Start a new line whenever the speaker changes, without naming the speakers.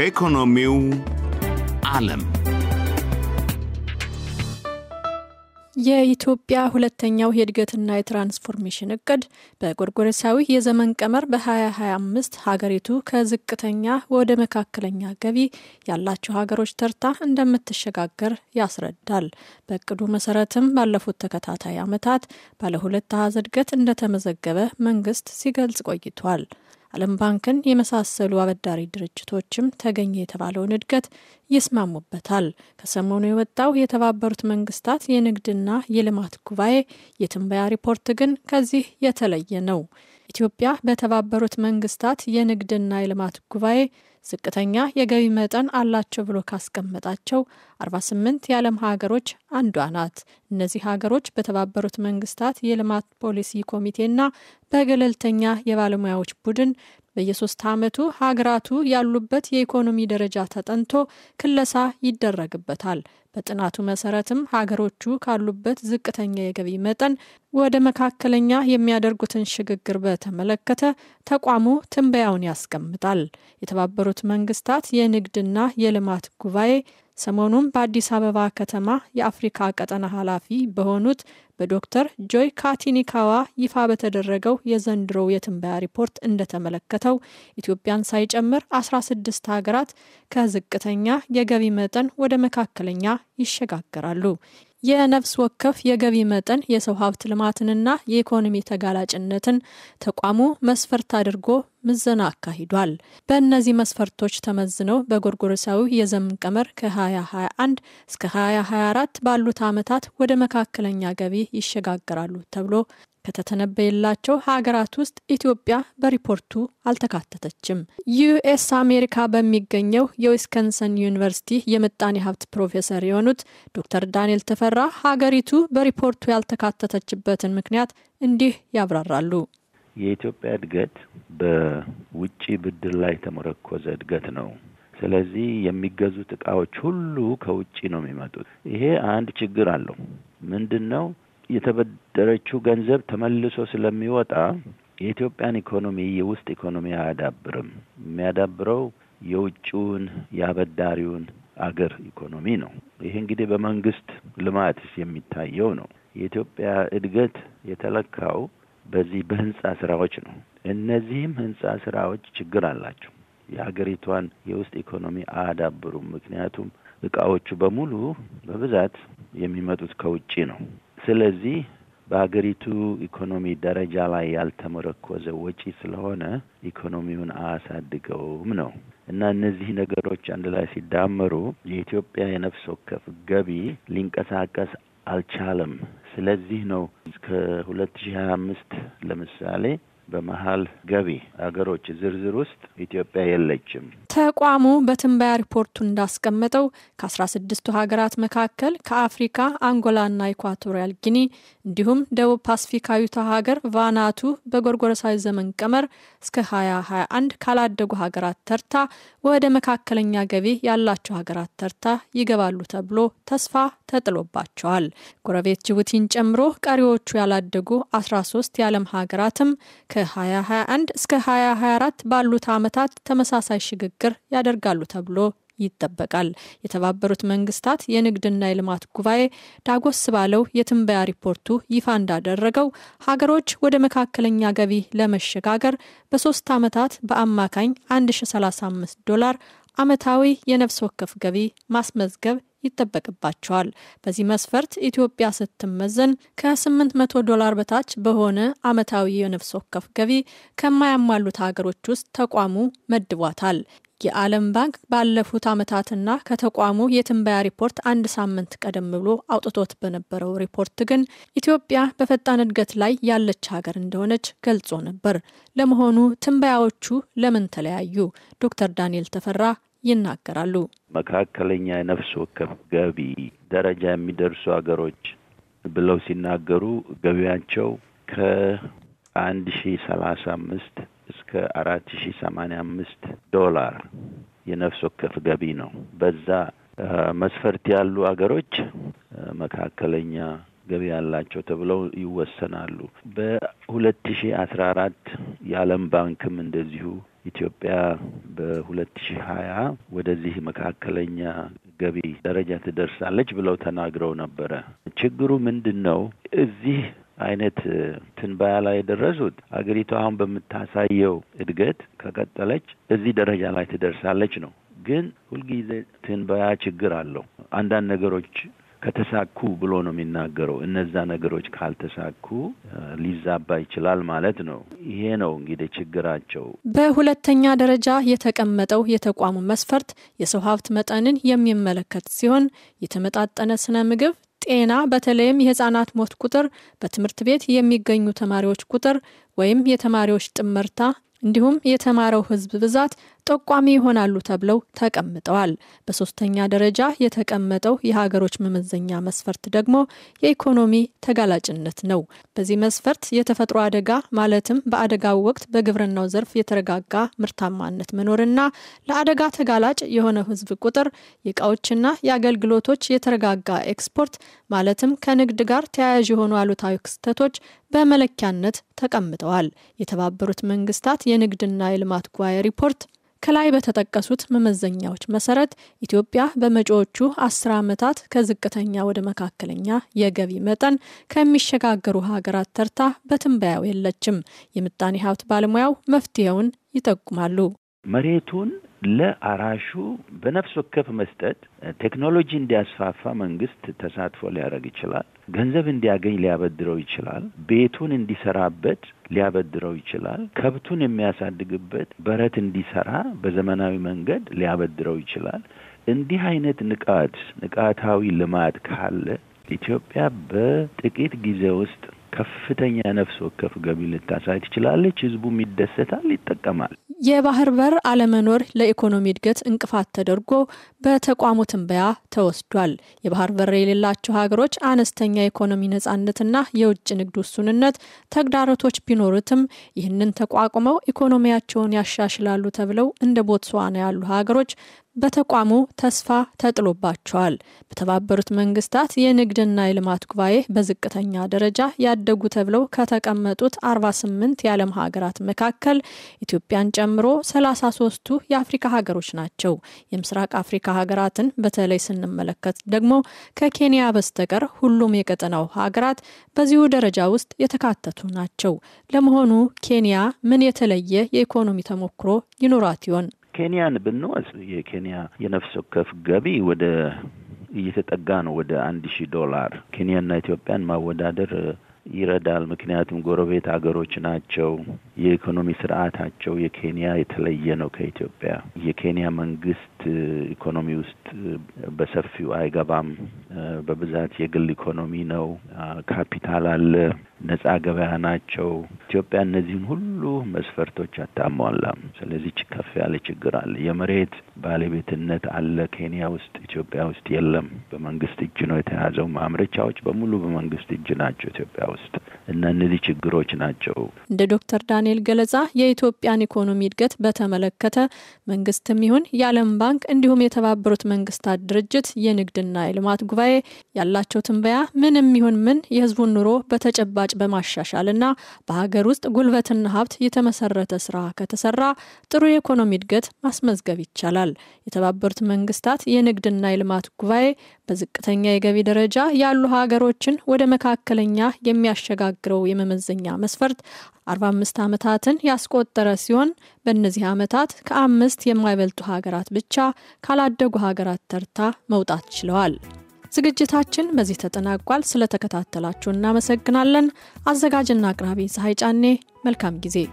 ከኢኮኖሚው ዓለም
የኢትዮጵያ ሁለተኛው የእድገትና የትራንስፎርሜሽን እቅድ በጎርጎረሳዊ የዘመን ቀመር በ2025 ሀገሪቱ ከዝቅተኛ ወደ መካከለኛ ገቢ ያላቸው ሀገሮች ተርታ እንደምትሸጋገር ያስረዳል። በእቅዱ መሰረትም ባለፉት ተከታታይ ዓመታት ባለሁለት አሃዝ እድገት እንደተመዘገበ መንግስት ሲገልጽ ቆይቷል። ዓለም ባንክን የመሳሰሉ አበዳሪ ድርጅቶችም ተገኘ የተባለውን እድገት ይስማሙበታል። ከሰሞኑ የወጣው የተባበሩት መንግስታት የንግድና የልማት ጉባኤ የትንበያ ሪፖርት ግን ከዚህ የተለየ ነው። ኢትዮጵያ በተባበሩት መንግስታት የንግድና የልማት ጉባኤ ዝቅተኛ የገቢ መጠን አላቸው ብሎ ካስቀመጣቸው 48 የዓለም ሀገሮች አንዷ ናት። እነዚህ ሀገሮች በተባበሩት መንግስታት የልማት ፖሊሲ ኮሚቴና በገለልተኛ የባለሙያዎች ቡድን በየሶስት ዓመቱ ሀገራቱ ያሉበት የኢኮኖሚ ደረጃ ተጠንቶ ክለሳ ይደረግበታል። በጥናቱ መሰረትም ሀገሮቹ ካሉበት ዝቅተኛ የገቢ መጠን ወደ መካከለኛ የሚያደርጉትን ሽግግር በተመለከተ ተቋሙ ትንበያውን ያስቀምጣል። የተባበሩት መንግስታት የንግድና የልማት ጉባኤ ሰሞኑን በአዲስ አበባ ከተማ የአፍሪካ ቀጠና ኃላፊ በሆኑት በዶክተር ጆይ ካቲኒካዋ ይፋ በተደረገው የዘንድሮው የትንበያ ሪፖርት እንደተመለከተው ኢትዮጵያን ሳይጨምር 16 ሀገራት ከዝቅተኛ የገቢ መጠን ወደ መካከለኛ ይሸጋገራሉ። የነፍስ ወከፍ የገቢ መጠን የሰው ሀብት ልማትንና የኢኮኖሚ ተጋላጭነትን ተቋሙ መስፈርት አድርጎ ምዘና አካሂዷል። በእነዚህ መስፈርቶች ተመዝነው በጎርጎርሳዊ የዘመን ቀመር ከ2021 እስከ 2024 ባሉት ዓመታት ወደ መካከለኛ ገቢ ይሸጋገራሉ ተብሎ ከተተነበየላቸው ሀገራት ውስጥ ኢትዮጵያ በሪፖርቱ አልተካተተችም። ዩኤስ አሜሪካ በሚገኘው የዊስከንሰን ዩኒቨርሲቲ የምጣኔ ሀብት ፕሮፌሰር የሆኑት ዶክተር ዳንኤል ተፈራ ሀገሪቱ በሪፖርቱ ያልተካተተችበትን ምክንያት እንዲህ ያብራራሉ።
የኢትዮጵያ እድገት በውጭ ብድር ላይ የተመረኮዘ እድገት ነው። ስለዚህ የሚገዙት እቃዎች ሁሉ ከውጭ ነው የሚመጡት። ይሄ አንድ ችግር አለው። ምንድን ነው? የተበደረችው ገንዘብ ተመልሶ ስለሚወጣ የኢትዮጵያን ኢኮኖሚ የውስጥ ኢኮኖሚ አያዳብርም። የሚያዳብረው የውጭውን የአበዳሪውን አገር ኢኮኖሚ ነው። ይሄ እንግዲህ በመንግስት ልማት የሚታየው ነው። የኢትዮጵያ እድገት የተለካው በዚህ በህንጻ ስራዎች ነው። እነዚህም ህንጻ ስራዎች ችግር አላቸው። የሀገሪቷን የውስጥ ኢኮኖሚ አያዳብሩም። ምክንያቱም እቃዎቹ በሙሉ በብዛት የሚመጡት ከውጭ ነው። ስለዚህ በሀገሪቱ ኢኮኖሚ ደረጃ ላይ ያልተመረኮዘ ወጪ ስለሆነ ኢኮኖሚውን አያሳድገውም ነው እና እነዚህ ነገሮች አንድ ላይ ሲዳመሩ የኢትዮጵያ የነፍስ ወከፍ ገቢ ሊንቀሳቀስ አልቻለም። ስለዚህ ነው እስከ ሁለት ሺህ ሀያ አምስት ለምሳሌ በመሀል ገቢ አገሮች ዝርዝር ውስጥ ኢትዮጵያ የለችም።
ተቋሙ በትንበያ ሪፖርቱ እንዳስቀመጠው ከ16ቱ ሀገራት መካከል ከአፍሪካ አንጎላና ኢኳቶሪያል ጊኒ እንዲሁም ደቡብ ፓስፊካዊቷ ሀገር ቫናቱ በጎርጎረሳዊ ዘመን ቀመር እስከ 2021 ካላደጉ ሀገራት ተርታ ወደ መካከለኛ ገቢ ያላቸው ሀገራት ተርታ ይገባሉ ተብሎ ተስፋ ተጥሎባቸዋል። ጎረቤት ጅቡቲን ጨምሮ ቀሪዎቹ ያላደጉ 13 የዓለም ሀገራትም ከ2021 እስከ 2024 ባሉት ዓመታት ተመሳሳይ ሽግግር ምክክር ያደርጋሉ ተብሎ ይጠበቃል። የተባበሩት መንግስታት የንግድና የልማት ጉባኤ ዳጎስ ባለው የትንበያ ሪፖርቱ ይፋ እንዳደረገው ሀገሮች ወደ መካከለኛ ገቢ ለመሸጋገር በሶስት ዓመታት በአማካኝ 1035 ዶላር ዓመታዊ የነፍስ ወከፍ ገቢ ማስመዝገብ ይጠበቅባቸዋል። በዚህ መስፈርት ኢትዮጵያ ስትመዘን ከ800 ዶላር በታች በሆነ ዓመታዊ የነፍስ ወከፍ ገቢ ከማያሟሉት ሀገሮች ውስጥ ተቋሙ መድቧታል። የዓለም ባንክ ባለፉት ዓመታትና ከተቋሙ የትንበያ ሪፖርት አንድ ሳምንት ቀደም ብሎ አውጥቶት በነበረው ሪፖርት ግን ኢትዮጵያ በፈጣን እድገት ላይ ያለች ሀገር እንደሆነች ገልጾ ነበር። ለመሆኑ ትንበያዎቹ ለምን ተለያዩ? ዶክተር ዳንኤል ተፈራ ይናገራሉ።
መካከለኛ የነፍስ ወከፍ ገቢ ደረጃ የሚደርሱ ሀገሮች ብለው ሲናገሩ ገቢያቸው ከአንድ ሺ ሰላሳ አምስት እስከ አራት ሺ ሰማንያ አምስት ዶላር የነፍስ ወከፍ ገቢ ነው። በዛ መስፈርት ያሉ አገሮች መካከለኛ ገቢ ያላቸው ተብለው ይወሰናሉ። በሁለት ሺ አስራ አራት የዓለም ባንክም እንደዚሁ ኢትዮጵያ በሁለት ሺ ሀያ ወደዚህ መካከለኛ ገቢ ደረጃ ትደርሳለች ብለው ተናግረው ነበረ። ችግሩ ምንድን ነው? እዚህ አይነት ትንበያ ላይ የደረሱት አገሪቱ አሁን በምታሳየው እድገት ከቀጠለች እዚህ ደረጃ ላይ ትደርሳለች ነው። ግን ሁልጊዜ ትንበያ ችግር አለው። አንዳንድ ነገሮች ከተሳኩ ብሎ ነው የሚናገረው። እነዛ ነገሮች ካልተሳኩ ሊዛባ ይችላል ማለት ነው። ይሄ ነው እንግዲህ ችግራቸው።
በሁለተኛ ደረጃ የተቀመጠው የተቋሙ መስፈርት የሰው ሀብት መጠንን የሚመለከት ሲሆን የተመጣጠነ ስነ ምግብ ጤና በተለይም የህፃናት ሞት ቁጥር፣ በትምህርት ቤት የሚገኙ ተማሪዎች ቁጥር ወይም የተማሪዎች ጥምርታ እንዲሁም የተማረው ህዝብ ብዛት ጠቋሚ ይሆናሉ ተብለው ተቀምጠዋል። በሶስተኛ ደረጃ የተቀመጠው የሀገሮች መመዘኛ መስፈርት ደግሞ የኢኮኖሚ ተጋላጭነት ነው። በዚህ መስፈርት የተፈጥሮ አደጋ ማለትም በአደጋው ወቅት በግብርናው ዘርፍ የተረጋጋ ምርታማነት መኖርና ለአደጋ ተጋላጭ የሆነ ሕዝብ ቁጥር፣ የእቃዎችና የአገልግሎቶች የተረጋጋ ኤክስፖርት ማለትም ከንግድ ጋር ተያያዥ የሆኑ አሉታዊ ክስተቶች በመለኪያነት ተቀምጠዋል። የተባበሩት መንግስታት የንግድና የልማት ጉባኤ ሪፖርት ከላይ በተጠቀሱት መመዘኛዎች መሰረት ኢትዮጵያ በመጪዎቹ አስር ዓመታት ከዝቅተኛ ወደ መካከለኛ የገቢ መጠን ከሚሸጋገሩ ሀገራት ተርታ በትንበያው የለችም። የምጣኔ ሀብት ባለሙያው መፍትሄውን ይጠቁማሉ።
መሬቱን ለአራሹ በነፍስ ወከፍ መስጠት ቴክኖሎጂ እንዲያስፋፋ መንግስት ተሳትፎ ሊያደርግ ይችላል። ገንዘብ እንዲያገኝ ሊያበድረው ይችላል። ቤቱን እንዲሰራበት ሊያበድረው ይችላል። ከብቱን የሚያሳድግበት በረት እንዲሰራ በዘመናዊ መንገድ ሊያበድረው ይችላል። እንዲህ አይነት ንቃት ንቃታዊ ልማት ካለ ኢትዮጵያ በጥቂት ጊዜ ውስጥ ከፍተኛ ነፍስ ወከፍ ገቢ ልታሳይ ትችላለች። ህዝቡም ይደሰታል፣ ይጠቀማል።
የባህር በር አለመኖር ለኢኮኖሚ እድገት እንቅፋት ተደርጎ በተቋሙ ትንበያ ተወስዷል። የባህር በር የሌላቸው ሀገሮች አነስተኛ የኢኮኖሚ ነጻነትና የውጭ ንግድ ውሱንነት ተግዳሮቶች ቢኖሩትም ይህንን ተቋቁመው ኢኮኖሚያቸውን ያሻሽላሉ ተብለው እንደ ቦትስዋና ያሉ ሀገሮች በተቋሙ ተስፋ ተጥሎባቸዋል። በተባበሩት መንግስታት የንግድና የልማት ጉባኤ በዝቅተኛ ደረጃ ያደጉ ተብለው ከተቀመጡት 48 የዓለም ሀገራት መካከል ኢትዮጵያን ጨምሮ 33ቱ የአፍሪካ ሀገሮች ናቸው። የምስራቅ አፍሪካ ሀገራትን በተለይ ስንመለከት ደግሞ ከኬንያ በስተቀር ሁሉም የቀጠናው ሀገራት በዚሁ ደረጃ ውስጥ የተካተቱ ናቸው። ለመሆኑ ኬንያ ምን የተለየ የኢኮኖሚ ተሞክሮ ይኖራት ይሆን? ኬንያን
ብንወስድ የኬንያ የነፍስ ወከፍ ገቢ ወደ እየተጠጋ ነው ወደ አንድ ሺህ ዶላር ኬንያና ኢትዮጵያን ማወዳደር ይረዳል። ምክንያቱም ጎረቤት ሀገሮች ናቸው። የኢኮኖሚ ስርዓታቸው የኬንያ የተለየ ነው ከኢትዮጵያ። የኬንያ መንግስት ኢኮኖሚ ውስጥ በሰፊው አይገባም። በብዛት የግል ኢኮኖሚ ነው። ካፒታል አለ፣ ነጻ ገበያ ናቸው። ኢትዮጵያ እነዚህን ሁሉ መስፈርቶች አታሟላም። ስለዚህ ከፍ ያለ ችግር አለ። የመሬት ባለቤትነት አለ። ኬንያ ውስጥ፣ ኢትዮጵያ ውስጥ የለም። በመንግስት እጅ ነው የተያዘው። ማምረቻዎች በሙሉ በመንግስት እጅ ናቸው ኢትዮጵያ ውስጥ። እና እነዚህ ችግሮች ናቸው።
እንደ ዶክተር ዳንኤል ገለጻ የኢትዮጵያን ኢኮኖሚ እድገት በተመለከተ መንግስትም ይሁን የዓለም ባንክ እንዲሁም የተባበሩት መንግስታት ድርጅት የንግድና የልማት ጉባኤ ያላቸው ትንበያ ምንም ይሁን ምን የህዝቡን ኑሮ በተጨባጭ በማሻሻልና በሀገር ውስጥ ጉልበትና ሀብት የተመሰረተ ስራ ከተሰራ ጥሩ የኢኮኖሚ እድገት ማስመዝገብ ይቻላል። የተባበሩት መንግስታት የንግድና የልማት ጉባኤ በዝቅተኛ የገቢ ደረጃ ያሉ ሀገሮችን ወደ መካከለኛ የሚያሸጋግ የሚያሻግረው የመመዘኛ መስፈርት 45 ዓመታትን ያስቆጠረ ሲሆን በእነዚህ ዓመታት ከአምስት የማይበልጡ ሀገራት ብቻ ካላደጉ ሀገራት ተርታ መውጣት ችለዋል። ዝግጅታችን በዚህ ተጠናቋል። ስለተከታተላችሁ እናመሰግናለን። አዘጋጅና አቅራቢ ፀሐይ ጫኔ። መልካም ጊዜ